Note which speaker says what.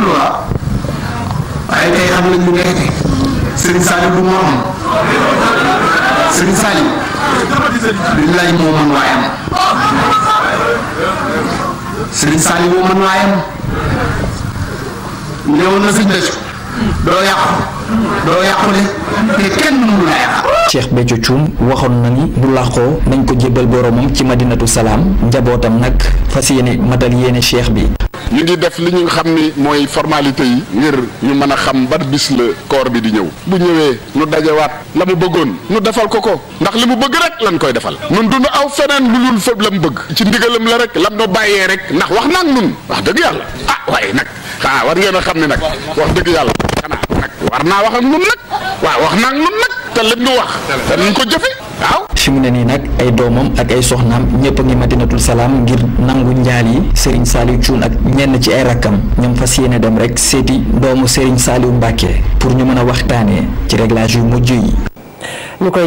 Speaker 1: am lu waa waaye tey xam nañ lu nekk Serigne Saliou du moo moo mën waayam Serigne Saliou moo mën waayam néewoon na Serigne Béthio doo yàqu doo yàqule te
Speaker 2: waxoon na ni bu làqoo nañ ko jébbal boromam ci madinatu salaam njabootam nag fas yéene matal yéene cheikh bi
Speaker 3: ñu ngi def li ñu xam ni mooy formalité yi ngir ñu mën a xam ban bis la koor bi di ñëw bu ñëwee nu dajewaat la mu bëggoon nu defal ko ko ndax li mu bëgg rek lan koy defal nun du nu aw feneen lu lul fépp la mu bëgg ci ndigalam la rek lam no bàyyee rek ndax wax naag nun wax dëgg yàlla ah waaye nag xanaa ah war ngeen a xam ni nag wax dëgg yàlla xanaa nag war naa ak nun nag waaw wax naag nun nag te lim nu wax
Speaker 2: te nuñ ko jëfe waaw fi mu ne nii nag ay doomam ak ay soxnaam ñëpp a ngi madinatul salaam ngir nangu njaal yi sëriñ Saliou Thioune ak ñenn ci ay rakkam ñoom fa yéene dem rek seeti doomu Serigne Saliou Mbacke pour ñu mën a waxtaanee ci réglage yu mujj
Speaker 1: yi.